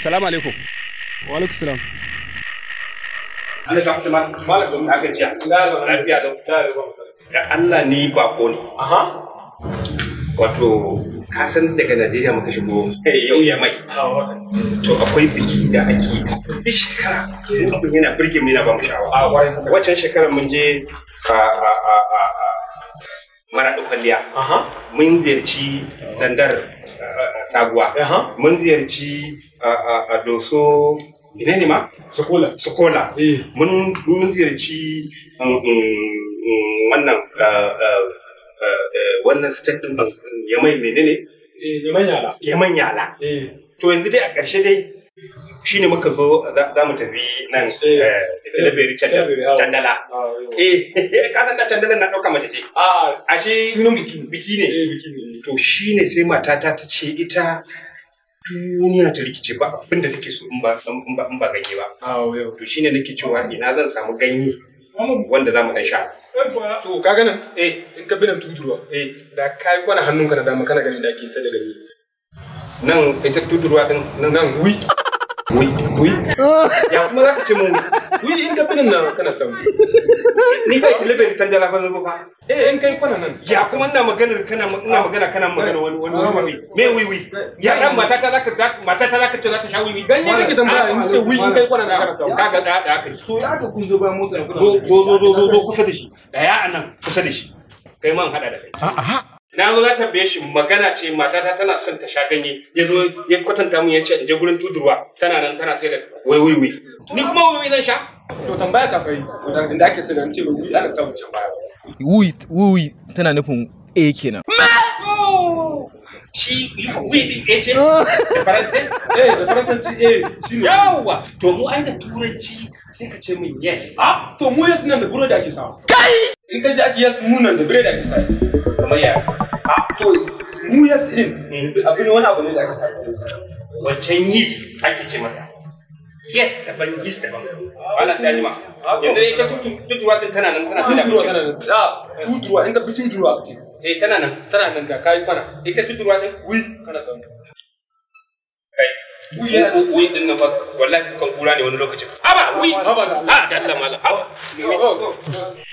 salamu alaikum wa alaikum salam Allah ka fita malam zo mu aka jiya lafiya da Allah ni bako ne aha wato ka san daga Najeriya muka shigo eh, yau ya mai ah, to akwai biki da ake duk shekara abin yana birge mu yana ba mu sha'awa ah, waccan shekarar mun je mara aha mun ziyarci dandar sabuwa mun ziyarci a doso ina ne ma sokola sokola eh. mun ziyarci um, um, um, wannan wannan state bank ya mai menene eh, Yaman yala. Eh. to yanzu dai a ƙarshe dai shine muka zo za mu tafi nan eh, eh, eh, delivery candala ah, eh ka san da candala na dauka mace ce a ah, shi sunan biki biki ne to shine sai matata ta ta ce ita duniya ta rikice ba abinda take so in ba in ba ganye ba ah, to shine nake cewa ina zan samu ganye wanda za mu dan sha. To ka ganin eh in ka binan tudurwa eh da kai kwana hannunka na dama kana ganin da ake sai da gani. Nan ita tudurwa din nan wi. Oui, oui. Ya kuma za ka ce mun oui in ka binin nan kana sauri. Ni ba ki lebe tan jala ban ba. Eh in kai kwana nan. Ya kuma ina maganar kana ina magana kana magana wani wani wani. Me oui oui. Ya dan mata ta zaka mata ta zaka ce zaka sha oui. Dan ya kake tambaya in ce oui in kai kwana nan kana sauri. Kaga da da kai. To ya ka guzo ba mota. Do do do do kusa da shi. Daya anan kusa da shi. Kai man hada da kai. A'a. na zo ta tambaye shi magana ce matata tana son ta sha ganye ya zo ya kwatanta mun ya ce in je gurin tudurwa tana nan tana sai da wai wai ni kuma wai zan sha to tambaya ka fa yi inda ake sai da ce wiwi ana samu can baya wai wai tana nufin eh kenan shi wai din a ce oh. da eh da faransanci eh shi ne yawa to mu ai da turanci sai ka ce min yes ah, to mu yes nan da gurin da ake samu kai in ka ji ake yasin munan da bread ake sa kamar ya a to mu yas din abin wani abu ne da aka sa wancan yis ake ce mata yes daban yeast daban wala sai anima yanzu ita tutuwa din tana nan tana sai da tutuwa in ka bi tutuwa ce eh tana nan tana nan da kai kwana ita tutuwa din wi kana san ko wuyi din na ba wallahi kan kura ne wani lokacin aba wuyi. aba da ah, Allah malam aba